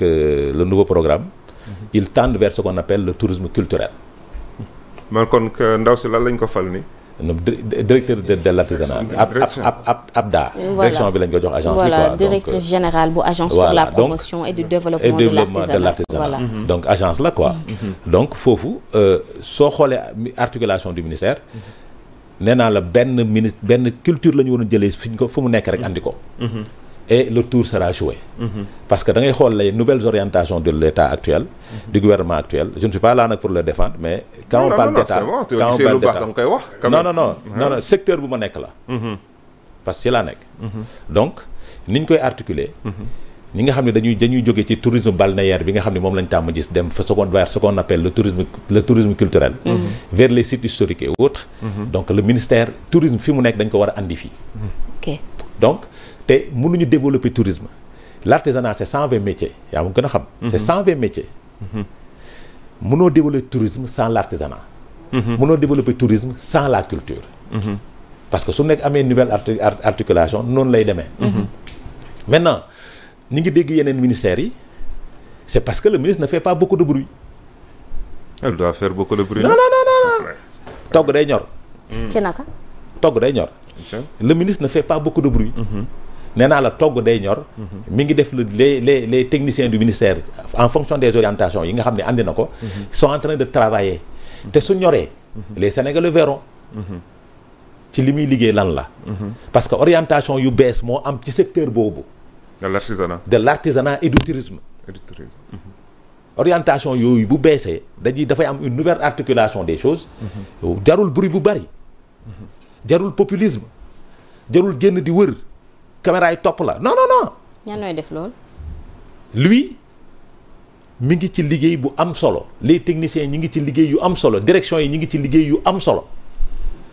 avec euh, le nouveau programme ils tendent vers ce qu'on appelle le tourisme culturel man kon ndaw si lan lañ ko fal ni directeur de de l'artisanat ab ab abda direction bi lañ ko jox agence bi quoi directrice euh, générale bu agence pour la promotion et du développement de l'artisanat mm-hmm. donc agence la quoi mm-hmm. Mm-hmm. donc foofu euh, soo xoolee articulation du ministère nee naa la benn ministre benn culture la ñu war a jëlee fi ñu ko fu mu nekk rek andi ko et le tour sera joué. Mhm. parce que da ngay xool les nouvelles orientations de l'état actuel. Mm du gouvernement actuel je ne suis pas là nag pour le défendre mais. quand non, on parle d'état bon, quand on parle d'état koy wax. non non non ah. non non secteur bu ma nekk la. Mhm. parce que ci laa nekk. Mhm. donc ni ñu koy articuler. ñi nga xam ne dañuy dañuy jóge ci tourisme balnéaire bi nga xam ne moom lañ tàmm gis dem fa ce qu'on a te mënuñu développer tourisme l'artisanat c'est 120 métiers yaa ma gën a xam. Mhm. c'est 120 métiers. Mhm. mënoo développer tourisme sans l'artisanat. Mhm. mënoo développer tourisme sans la culture. parce que su nekk amee nouvelle arti articulation noonu lay demee. maintenant ñi ngi dégg yeneen ministères yi c'est parce que le ministre ne fait pas beaucoup de bruit. elle doit faire beaucoup togg day ñor. ci naka. togg day ñor. le ministre ne fait pas beaucoup de bruit. nee naa la togg day ñor mhm. mi ngi def les les les technicien du ministère en fonction des orientations yi nga xam ne àndi na ko mhm. sont en de travailler mhm. te su ñoree les Sénégalais verront ci li muy liggéey lan la parce que orientation yu bees moo am ci secteur boobu de l'artisanat de l'artisanat et du tourisme et yooyu bu beesee dañuy dafay am une nouvelle articulation des choses jarul bruit bu bari jarul populisme jarul génn di wër caméra yi topp la non non non. ñan def lool. lui mi ngi ci liggéey bu am solo les techniciens ñu ngi ci liggéey yu am solo direction yi ñu ngi ci liggéey yu am solo.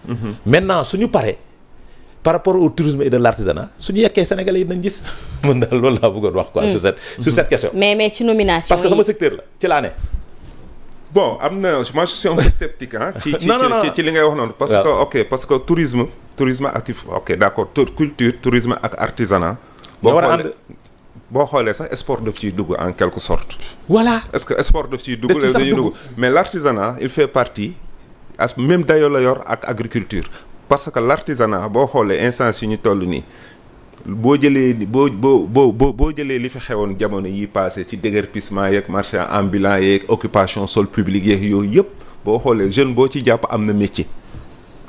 Mhm. maintenant suñu pare par rapport au tourisme et de l'artisanat suñu yekkee sénégalais yi nañ gis mën daal loolu laa bëggoon wax quoi. Mm. sur cette sur cette mhm. question. mais mais ci nomination yi parce que sama secteur la ci laa ne. bon am na moi je suis un ci li ngay wax noonu. parce que ok parce que tourisme. tourisme actif ok d' accord culture tourisme ak artisanat. boo xoolee boo xoolee sax sport daf ciy dugg en quelque sorte. voilà est ce que sport daf ciy dugg. daf dugg mais l' artisanat il fait partie ak même dayoo la yor ak agriculture. parce que l' boo xoolee instance yi ñu toll nii. boo jëlee boo boo boo boo jëlee li fi xewoon jamono yi passé ci déguerpissement yeeg marché ambulant yeeg occupation sol public yeeg yooyu yëpp boo xoolee jeune boo ci jàpp am na métier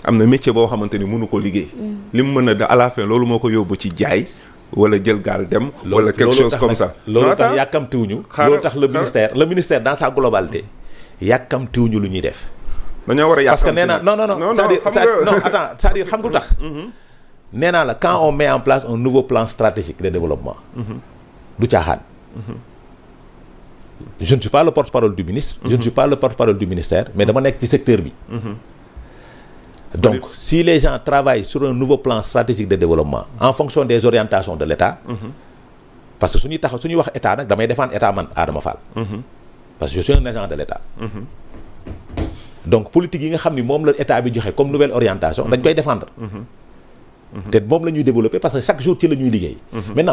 am na métier boo xamante ni mënu ko liggéey. Mm. li mu mën a da à loolu moo ko yóbbu ci jaay. wala jël gaal dem. wala quelque chose comme ça loolu tax yàkkamtiwuñu loolu tax le ministère le ministère dans sa globalité yàkkamtiwuñu lu ñuy def. dañoo war a yàkkamtiwuñu parce que nee na non non non. non non xam nga c'est-à-dire c'est-à-dire xam lu nee naa la quand on met en place un nouveau plan stratégique de développement. du caaxaan. je ne suis pas le porte-parole du ministre. je ne suis pas le porte-parole du ministère. mais dama nekk ci secteur bi. donc si les gens travaillent sur un nouveau plan stratégique de développement. en fonction des orientations de l'État. parce que su ñuy taxaw su ñuy wax état nag damay défendre état man Adama Fall. parce que je suis un agent de l'État. donc politique yi nga xam ni moom la état bi joxe comme nouvelle Mm-hmm. te moom la ñuy parce que chaque jour ci la mm-hmm.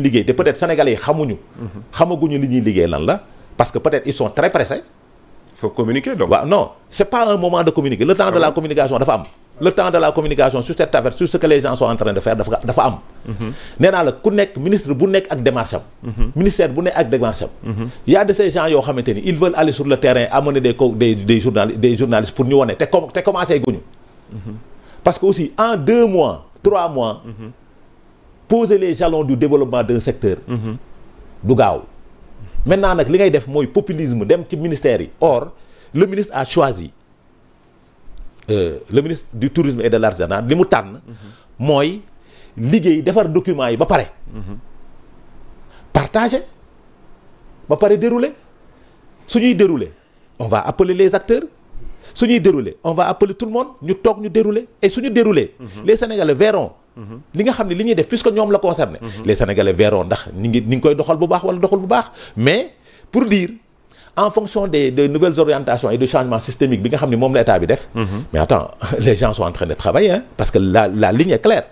liggéey te peut-être sénégalais yi xamuñu mm-hmm. xamaguñu li ñuy liggéey lan la parce que peut-être ils sont très pressés faut communiquer donc waaw non c'est pas un moment de communiquer le temps de ah la communication dafa am le temps de la communication sur cette affaire sur ce que les gens sont en de faire dafa am nee naa la ku nekk ministre bu nekk ak démarche ministère bu nekk ak démarche am parce que aussi en deux mois trois mois mmh. les jalons du développement d'un secteur mhm. du gaaw maintenant nag li ngay def mooy populisme dem ci ministère yi or le ministre a choisi euh, le ministre du tourisme et de l'artisanat li mu tànn mhm. mooy liggéey defar document yi ba pare mhm. partager ba pare dérouler su ñuy dérouler on va appeler les acteurs su ñuy dérouler on va tout le monde ñu toog ñu dérouler et su ñu dérouler. Mhm. les sénégalais verront. Mhm. li nga xam ne li ñuy def puisque ñoom la concerné. Mhm. les sénégalais verront ndax ñu ngi ñu ngi koy doxal bu baax wala doxal bu baax mais pour dire. en fonction des des nouvelles et du changement systémique bi nga xam ne moom la état bi def. mais attends les gens sont en train parce que la la ligne est claire.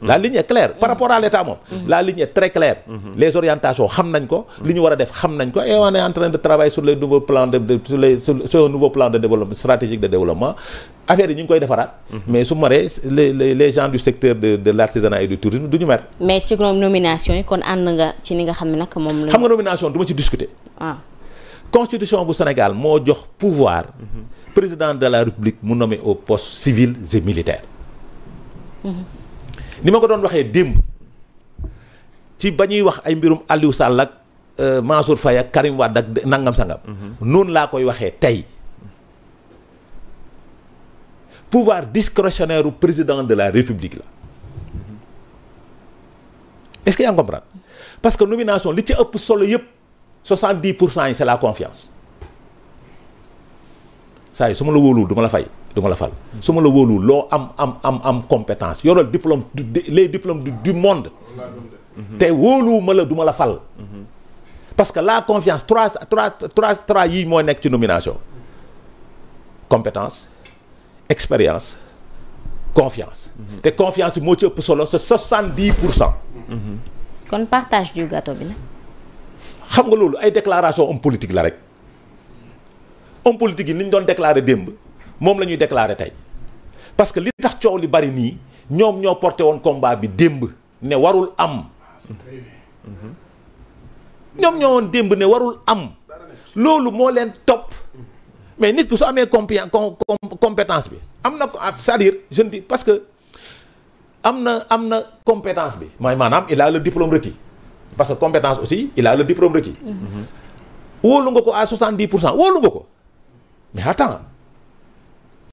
la ligne est claire par rapport à moom la ligne très claire les orientations xam nañ ko li ñu war a def xam nañ ko et on est en train de travailler sur les nouveaux plans de sur les sur un nouveau plan de développement stratégique de développement affaire yi ñu ngi koy defaraat mais su maree les les gens du secteur de de l'artisanat et du tourisme du ñu mer mais ci nomination yi kon ànd nga ci ni nga xam ne nag moom la xam nga nomination du ci discuter waaw ah. constitution bu Sénégal moo jox pouvoir président la République mu nommer au poste civil et militaire mm-hmm. ni ma ko doon waxee démb ci ba ñuy wax ay mbirum Aliou Sall ak euh, Mansour Faye ak Karim Wade ak nangam sangam. Mm-hmm. noonu laa koy waxee tey pouvoir discrétionnaire u président de la république la mm-hmm. est-ce que yaa ngi comprendre parce que nomination li ci ëpp solo yëpp 70 pour cent yi c'est la confiance saa yi su ma la wóoluwul duma la fay. du la fal su ma la wóolu loo am am am am compétence yoral diplôme les diplômes du monde te wóolu ma la du ma la fal parce que la confiance trois trois trois trois yii moo nekk ci nomination compétence expérience confiance te confiance moo ci ëpp solo c'est soixante-dix pour cent kon partage du gâteau bi nag xam nga loolu ay déclaration homme politique la rek homme politique yi ni doon déclarer démb moom la ñuy déclarer tey parce que li tax coow li bari nii ñoom ñoo porté woon combat bi démb ne warul am. ñoom ñoo woon démb ne warul am loolu moo leen topp mais nit ku su amee compétence bi am na ko c'est-à-dire je parce que am na am na compétence bi. mooy maanaam il a le diplôme requis parce que compétence aussi il a le diplôme requis mm-hmm. wóolu nga ko à 70 pour cent wóolu nga ko mais temps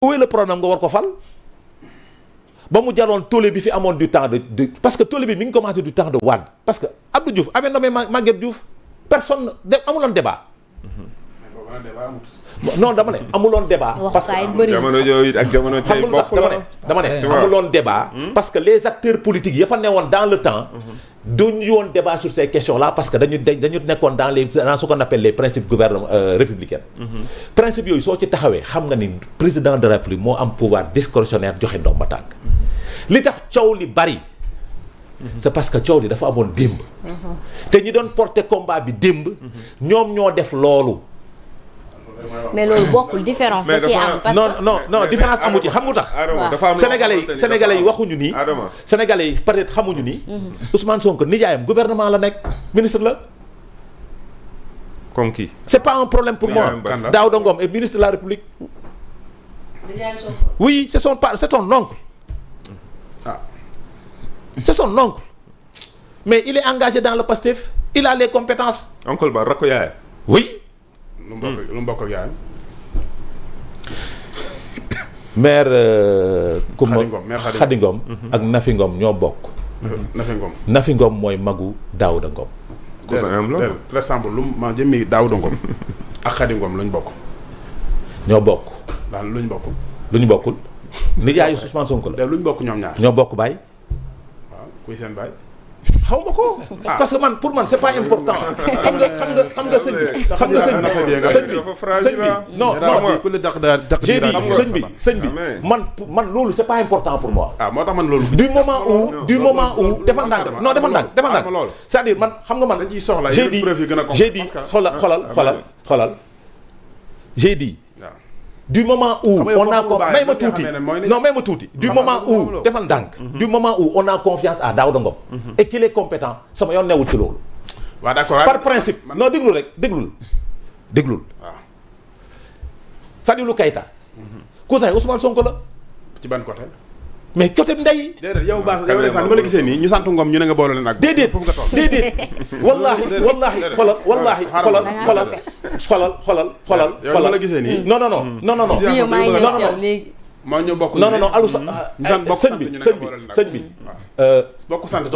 où est le problème nga war ko fal ba mu jaloon tollé bi fi amoon du temps de de parce que tollé bi mi ngi commencé du temps de Wade parce que Abdou Diouf avait nommé Maguette Diouf personne de amuloon débat. Mm-hmm. non dama ne amuloon débat. parce que jamono yooyu ak dama ne dama ne amuloon hmm? les acteurs politiques ya fa newoon dans le temps. Mm-hmm. duñu woon débat sur ces questions là parce que dañu nekkoon dans les dans ce qu'on appelle gouvernement euh, républicains mm-hmm. principes yooyu soo ci taxawee xam nga ni président de la République moo am pouvoir discrétionnaire joxe ndomba tànk mm-hmm. li tax coow li bari mm-hmm. c'est parce que coow li dafa amoon démb te ñi doon porter combat bi démb ñoom ñoo def loolu mais loolu bokkul différence da ciy am. parce que non non non différence amu ci xam nga tax. dafa am sénégalais yi sénégalais yi waxuñu nii. sénégalais yi peut-être xamuñu nii. Mhm. Ousmane Sonko nijaayam gouvernement la nekk ministre la. comme kii. c'est pas un problème pour moi Daouda Ngom est ministre de la République. oui c'est son pa c'est son oncle. Ah. c'est son oncle. mais il est engagé dans le PASTEF il a les compétences. oncle ba rakk yaayam. oui. lu mu bokk lu mu bokk ak yaayam. maire. Kumba Xadi Ngom ak Nafi Ngom ñoo bokk. Nafi mooy magu Daouda Ngom. lu ma jëmmi Daouda Ngom ak bokk. ñoo bokk. daal luñ bokk. luñ bokkul. nijaayu Ousmane Sonko bokk ñoom ñaar. ñoo bokk baay. kuy seen baay. xaw ma ko. Ah. parce que man pour man c'est pas important. xam nga xam nga xam nga sëñ bi. xam nga sëñ bi sëñ bi sëñ bi ah. sëñ bi sëñ bi man loolu c'est pas important pour moi. ah moo tax man loolu. du moment où du moment où defal ndànk non defal ndànk defal ndànk c'est-à-dire man xam nga man. dañ ciy soxla yeneen preuve yu gën a j'ai dit xoolal ah, xoolal xoolal du moment où on a ko may ma tuuti non may ma tuuti du moment où defal ndànk mm-hmm. du moment où on a confiance à Daouda Ngom mm-hmm. et qu'il compétent sama yoon newul ci loolu waaw d'accord par principe non déglul rek déglul déglul waaw ah. Fadilou Keita mm-hmm. cousin Ousmane Sonko la ci ban côté mais côté ndey. déedéet yow baax yow de ma la gisee nii ñu sant Ngom ñu ne nga boole leen ak. déedéet foofu nga toll déedéet. wallaahi wallaahi xolal wallaahi xolal xolal xolal xolal xolal. yow ma la gisee nii. non non non hmm. non non non. yow maa ngi ñëw léegi.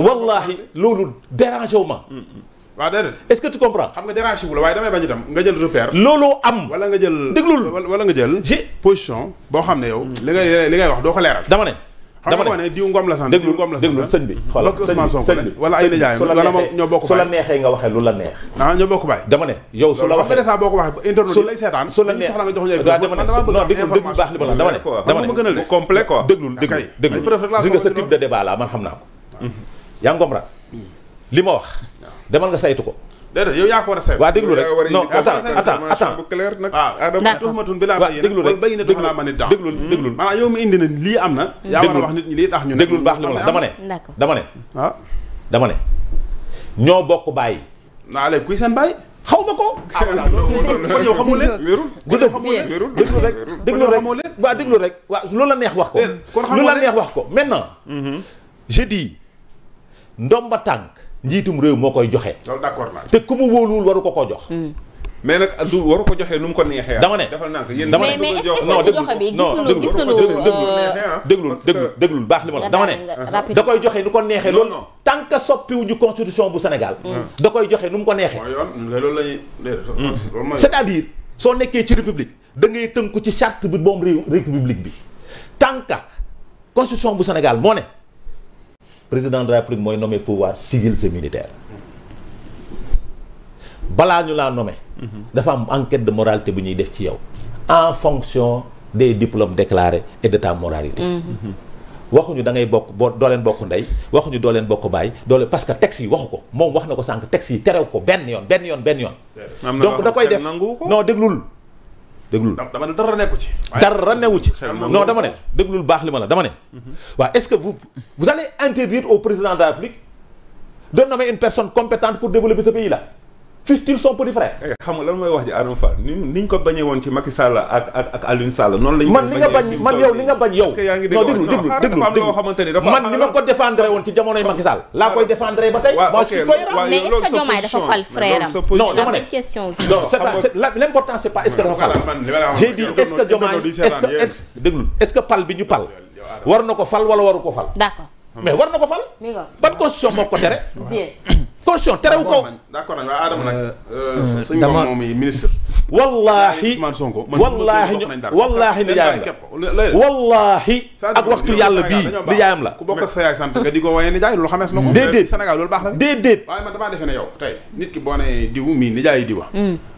maa loolu dérangé wu ma. Hmm, hmm. waaw déedéet est-ce que tu comprends. xam nga dérangé wu la waaye damay bañ itam nga jël repère. looloo am wala nga jël déglul wala nga jël. position boo xam ne yow. li ngay li ngay wax doo ko leeral. dama ne dama ne xam nga diw ngom la sant diw ngom la sant man xam naa ko. yaa ngi hmm. li ma wax hmm. demal nga saytu ko déedéet yow yaa ko war a seet. waaw déglu rek non attends attends attends ah. Ah, déglu rek déglu déglu hmm. déglu maanaam yow mi indi na lii am na. yaa war a wax nit ñi lii tax ñu ne. déglu baax li ma la ah. dama ne. dama ne. ah dama ne ñoo bokk bàyyi. naa leen kuy seen bàyyi. xaw ma ko. ah kon yow xamoo leen. def wérul déglu rek déglu rek waaw déglu rek waaw lu la neex wax ko. kon lu la neex wax ko maintenant. je dis ndomba tànk njiitum réew moo koy joxe. loolu d'accord naa te ku mu wóoluwul waru ko koo jox. Hmm. mais nag du ko joxee nu mu ko neexee. dama ne dama ne mais mais est-ce que joxe bi gis nañu gis euh, baax la dama ne. da koy joxe nu ko neexee. loolu tant que soppiwuñu constitution bu Sénégal. Hmm. da koy joxe nu mu ko neexee. loolu la hmm. c'est-à-dire soo nekkee ci république da ngay tënku ci charte bi moom réew république bi tant que constitution bu Sénégal moo ne. président de la République mooy nommé pouvoir civil et militaire balaa ñu laa nome dafa am enquête de moralité bu ñuy def ci yow en fonction des diplômes déclarés et de ta moralité. Mm-hmm. waxuñu da ngay bokk boo doo leen bokk ndey waxuñu doo leen bokk baay doole leen parce que texte yi waxu ko moom wax na ko sànq texte yi terew ko benn yoon benn yoon benn yoon. donc da koy def non déglul. déglul dama ne dara nekku ci. dara newu ci. non dama ne déglul baax li ma la dama ne. Mhm. est-ce que vous vous allez interdire au président de la République de nommer une personne compétente pour développer ce pays-là. fistule son petit frère. Eh, xam nga lan mooy wax ji Adama Fall ni niñ ko bañee woon ci Macky ak ak ak Alioune noonu lañ man li nga bañ man yow li nga bañ yow non déglu déglu man ni ma ko défendre woon ci jamonoy Macky laa koy défendre ba tey moi je suis cohérent dafa fal frère am non dama ne l'important c'est pas est dafa fal j'ai dit est-ce que Diomaye est-ce que déglu est-ce pal bi ñu pal war na ko fal wala waru ko constitution terewu ko. d'accord nag waaye Adama nag. Euh, euh, euh, suñu bopp moom yi ministre. wallaahi Ousmane Sonko wallaahi wallaahi nijaayam la wallaahi ak waxtu yàlla bii nijaayam la ku bokk ak sa yaay sant nga di ko waaye nijaay loolu xamees na ko déedéet Sénégal loolu baax na déedéet waaye man damaa defe ne hmm.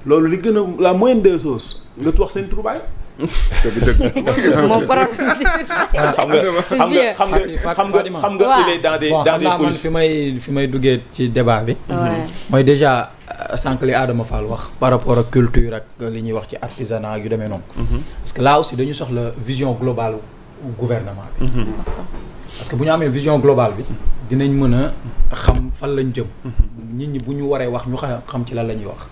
li gën a la moindre des choses nga wax seen turu baay moom borom. xam nga xam nga xam nga xam nga il est dans des dans des man fi may fi may duggee ci débat bi. mooy déjà euh, sànq li Adama Fall wax. par rapport ak culture ak li ñuy wax ci artisanat yu demee noonu. Mhm. parce que là aussi dañu soxla vision globale gouvernement bi. Mhm. parce que bu ñu amee vision globale bi dinañ mën a xam fan lañ jëm. Mhm. nit ñi bu ñu waree wax ñu xam ci lan la ñuy wax.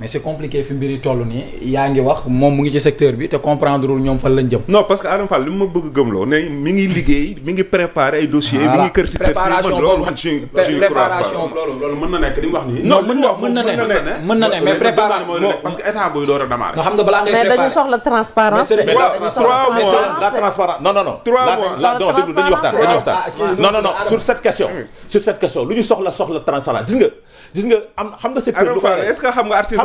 mais c'est compliqué fi mbir yi nii yaa ngi wax moom mu ngi ci secteur bi te comprendre ñoom fan lañ jëm. non parce que Adama Fall li ma bëgg gëmloo ne mi ngi liggéey mi ngi préparer ay dossiers. mi ngi kër si kër loolu man suñu. préparation loolu loolu mën na nekk mu wax nii. non mën na mën na ne mën na préparer parce que état buy door a démarrer. nga xam nga soxla transparence. mais trois mois la sur cette question. sur cette question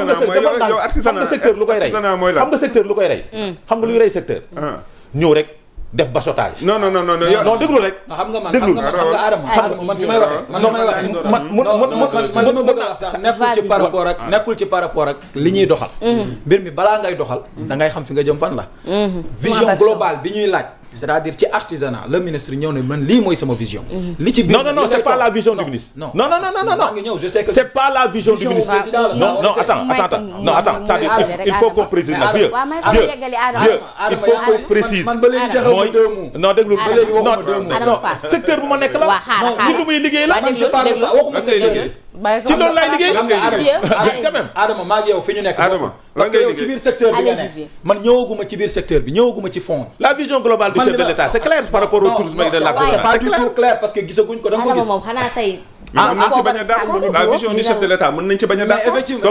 artisanat mooy xam nga secteur lu koy rey xam nga secteur lu koy rey xam nga luy rey secteur ah. ñëw rek def bachotage non non non non non déglu rek xam nga man xam nga Adama xam nga man fi may waxee man fi may waxee man man li ma bëgg a wax sax nekkul ci par rapport ak nekkul ci par rapport ak li ñuy doxal hmm. mbir mi balaa ngay doxal hmm. da ngay xam fi nga jëm fan la hmm. vision globale bi ñuy laaj c'est-à-dire ci artisanat le ministre ñëw ne man lii mooy sama vision. non non non c'est pas la vision du ministre. non non non non non il faut qu'on précise nag vieux il faut qu'on précise mooy non déglu non non secteur bu ma nekk la. waaw xaaral xaaral non li muy liggéey ci loolu laay liggéey lan ngay liggéey Adama maa ngi fi ñu nekk Adama parce que yow ci biir secteur bi nga ne man ñëwaguma ci biir secteur bi ñëwaguma ci fond la vision globale du chef de l'État c'est clair par rapport au tourisme de la parce que gisaguñ ko da ko gis Adama ah, nañ ci bañ a la vision du chef de l'État mën nañ ci bañ a d'accord effectivement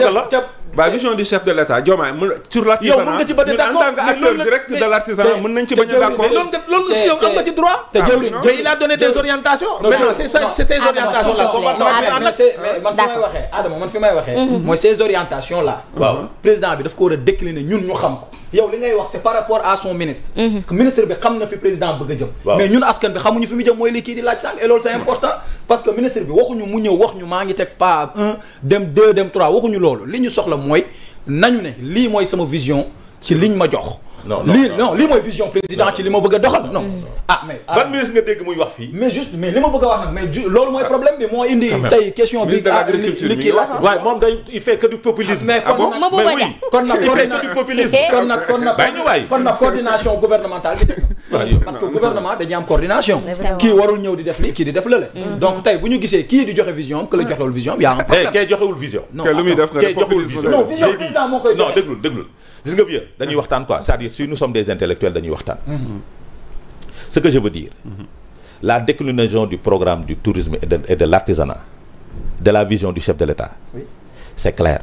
ba vision du chef de a man fi may waxee. Mhm. mooy ces orientations là. Mhm. président bi daf ko war a décliner ñun ñu xam ko. yow li ngay wax c'est par rapport à son ministre mhm. ministre bi xam na fi président bëgg a jëm mais ñun askan bi xamuñu fi mu jëm mooy li kii di laaj sànq et loolu c'est important parce que ministre bi waxuñu mu ñëw wax ñu maa ngi teg pas dem deux dem trois waxuñu loolu li ñu soxla mooy nañu ne lii mooy sama vision ci liñ ma jox non lii non lii mooy vision président ci li ma bëgg a doxal non mm. ah mais ban ah. ministre nga dégg muy wax fii mais juste mais li a mooy problème bi ah, ah, li kii laaj waaw coordination gouvernementale parce que gouvernement dañuy am coordination kii warul ñëw di def lii kii di def lële mm. Mm. donc tey bu ñu gisee kii di joxe vision que la joxewul vision am yaa am eh, kay vision kay lu muy def moo koy joxe non gis nga vieux dañuy ah. waxtaan quoi c'est-à-dire si nous sommes des intellectuels dañuy waxtaan mm-hmm. ce que je veux dire mm-hmm. la déclinaison du programme du tourisme et de, l'artisanat de la vision du chef de l'État oui. c'est clair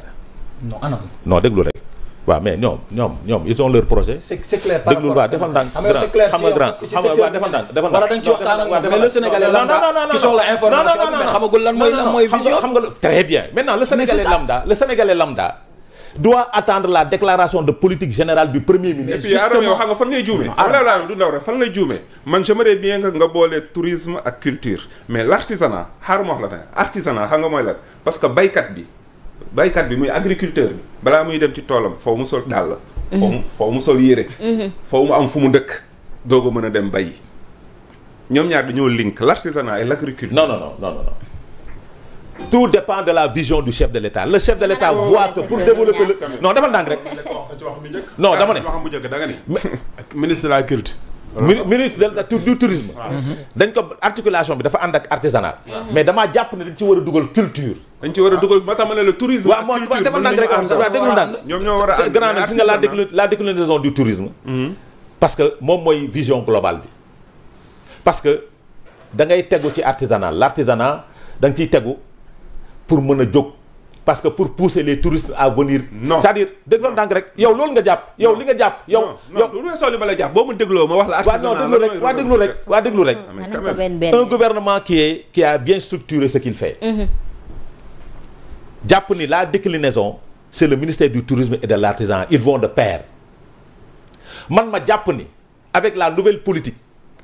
non ah non déglu rek waaw mais ñoom ñoom ils ont leur projet. c'est c'est xam nga grand xam nga waaw defal dañ ci waxtaan ak mais le sénégalais lambda qui soxla information mais lan mooy lan mooy vision. xam nga très bien maintenant le sénégalais lambda lambda. doit attendre la déclaration de politique générale du premier ministre. Et puis Aram yow xam nga fan ngay juumee. Abdoulaye du ndaw rek fan lay juumee man j'aimerais bien que nga boole tourisme ak culture mais l'artisanat xaaral ma wax la tamit artisanat xam nga mooy lan parce que baykat bi. baykat bi muy agriculteur bi balaa muy dem ci toolam foo mu sol dàll. foo mu foo mu sol yére. Mhm. foo mu am fu mu dëkk. doo ko mën a dem bayi ñoom ñaar dañoo link l'artisanat et l'agriculture. non non non non non. tout dépend de la vision du chef de l'État le chef de l'État voit que pour développer le non defal ndànk rek non dama ne ministre de la culture ministre du tourisme ah. mm-hmm. dañ ko articulation bi dafa ànd ak artisanat ah. mais damaa jàpp ne dañ ci war a dugal culture dañ moo defal ndànk rek waaw déglu ndànk ah. ñoom ñoo war a grand nag si nga la la déclinaison mm-hmm. parce que moom mooy vision globale bi parce que da ngay tegu ci artisanat l'artisanat da nga ciy tegu pour mën a jóg parce que pour pousser les touristes à venir. non c'est-à-dire dégloon ndànk rek yow loolu nga jàpp yow li nga jàpp. yow yow non non li ma la jàpp boo ma dégloo ma wax la. artisanat la rek waa déglu rek waa déglu rek. un gouvernement qui est qui a bien structuré ce qu'il fait. Mm-hmm. jàpp ni la déclinaison c'est le ministère du tourisme et de l'artisan ils vont de pair man ma jàpp ni avec la nouvelle politique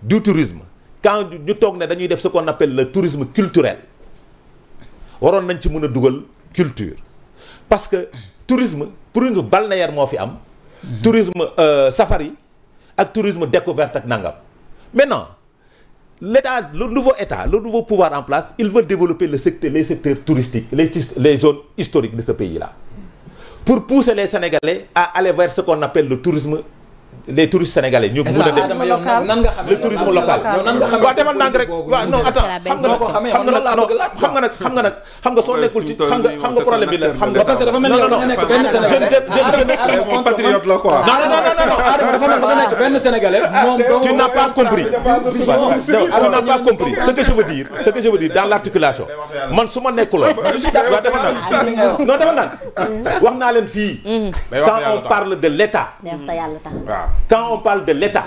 du tourisme quand ñu toog ne dañuy def ce qu'on appelle le tourisme culturel. waroon nañ ci mën a dugal culture parce que tourisme pour bal na balnéaire moo fi am tourisme euh, safari ak tourisme découverte ak nangam maintenant l'état le nouveau état le nouveau pouvoir en place il veut développer le secteur les secteurs le les les zone historiques de ce pays là pour pousser les Sénégalais à aller vers ce qu'on appelle le tourisme les touristes sénégalais ñoom mën a dem nan nga xam le tourisme local waaw rek waaw non attends xam nga xam nga nga nag xam nga nag xam nga nga xam nga problème bi la xam nga parce que dafa mel ni dafa nekk benn non Adama dafa mel dafa nekk benn sénégalais. Ah, moom tu n'as pas compris tu n'as pas compris ce que je veux dire dans l'articulation man su ma nekkuloon. waaw dama naan non dama naan mhm. wax naa leen fii. Mhm. quand on parle de l'État. quand on parle de l'État.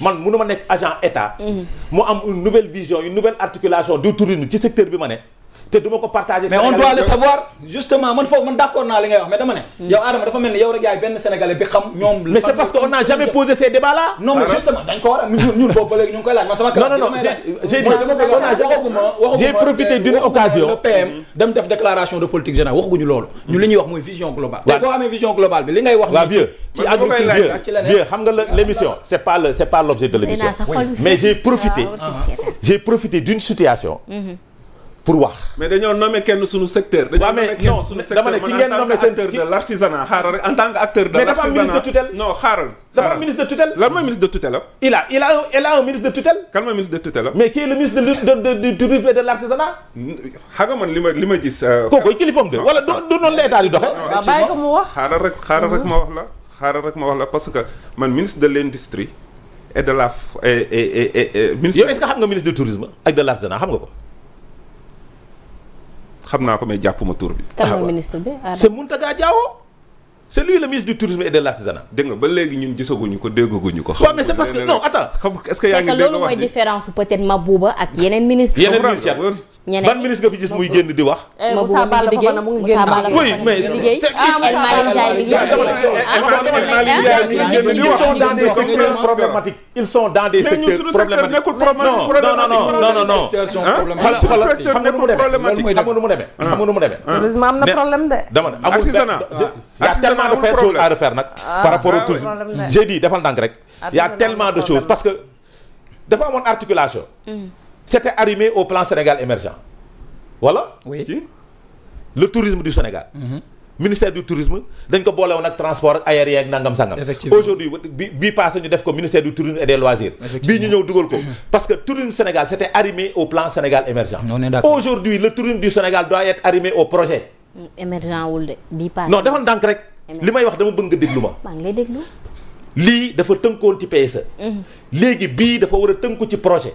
man mënu ma nekk agent état. Mhm. mu am une nouvelle vision une nouvelle articulation du tourisme ci secteur bi ma ne. te du ma ko partagé. mais on doit le savoir. justement man foofu man d' accord naa li ngay wax mais dama ne. Hmm. Adama dafa mel ni yow rek yaay benn sénégalais bi xam. ñoom mais c' est on n' a jamais posé ces débats non mais ah. justement dañ ko war a ñun ñun boobu ba léegi ñu ngi koy laaj man sama. non non non j' ai dit occasion. le PM dem def déclaration de politique générale waxaguñu loolu. ñun li ñuy wax mooy vision globale. te boo amee vision globale pour wax. mais dañoo nommé kenn suñu secteur. dañoo nommé kenn suñu secteur dama ne ki ngeen nommé de l'artisanat xaaral rek en tant acteur de l'artisanat mais dafa ministre de a il a a l'artisanat. li ma gis. Euh, kooku kilifaam de wala du du xaaral rek xaaral rek ma wax la. xaaral rek ma wax la parce que man ministre de l'industrie et de la et ministre. yow est-ce xam nga ministre du tourisme ak de l'artisanat xam nga ko xam naa ko mais jàppuma tur bi. kan mooy ah, ministre bi. c'est Mountaga Diawo. c'est lui le ministre du tourisme et de l'artisanat. dégg ba léegi ñun gisaguñu ko déggaguñu ko. xam mais c'est parce que non attends. xam loolu mooy différence su peut-être Mabouba ak yeneen ministres. ban ministre nga fi gis muy génn di wax. Eh, Moussa Balla Fofana mu ngi génn oui mais El ah, Malick ah, ah, ngi ils sont dans des secteurs problématiques. ils sont dans des secteurs problématiques. non non non non non. xam nga nu mu demee. mooy demee am na problème de. dama ne amul tellement de faire choses ah, ah, defal ndànk rek. y a tellement de choses parce que dafa amoon articulation. Mm. c'était arrimé au plan Sénégal émergent. voilà. oui tourisme du Sénégal. Mm-hmm. ministère du tourisme dañ ko boolewoon ak transport ak ak nangam sangam. aujourd'hui bi bii passé ñu def ko ministère du tourisme et des loisirs. bii ñu ñëw dugal ko. Mm-hmm. parce que tourisme Sénégal c'était arrimé au plan Sénégal émergent. aujourd'hui le tourisme du Sénégal doit être arrimé au projet. Mm, émergent li may wax dama bëgg nga déglu ma. maa lii dafa tënkoon ci sa e. mhm. léegi bii dafa war a tënku ci projet.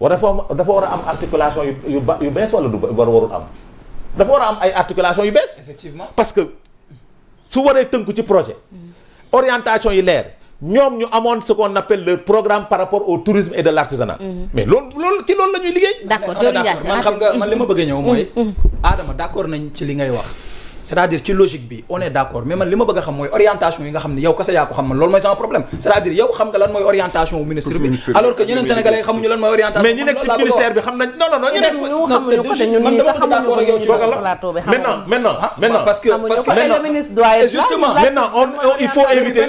war dafa dafa war a am articulation yu yu ba yu bees wala du war warul am. dafa war a am ay yu bees. effectivement parce que su waree tënku ci projet. Mhm. orientation yi leer. ñoom ñu amoon ce qu'on appelle leur programme par rapport au tourisme et de l'artisanat mhm. mais loolu loolu ci loolu la ñuy liggéey. d'accord man xam nga man li ma bëgg a ñëw mooy. Adama d'accord nañ ci li ngay wax. cest ci logique bi on est d'accord mais man li ma orientation yi nga xam ne yow xam man loolu mooy sama problème cest à xam nga lan orientation wu ministre bi alors que ñeneen sénégalais yi xamuñu lan mooy orientation mais ñi nekk ci bi xam nañ non non non ñu nekk man dama bëgg d'accord ak yow ci loolu maintenant maintenant maintenant parce que parce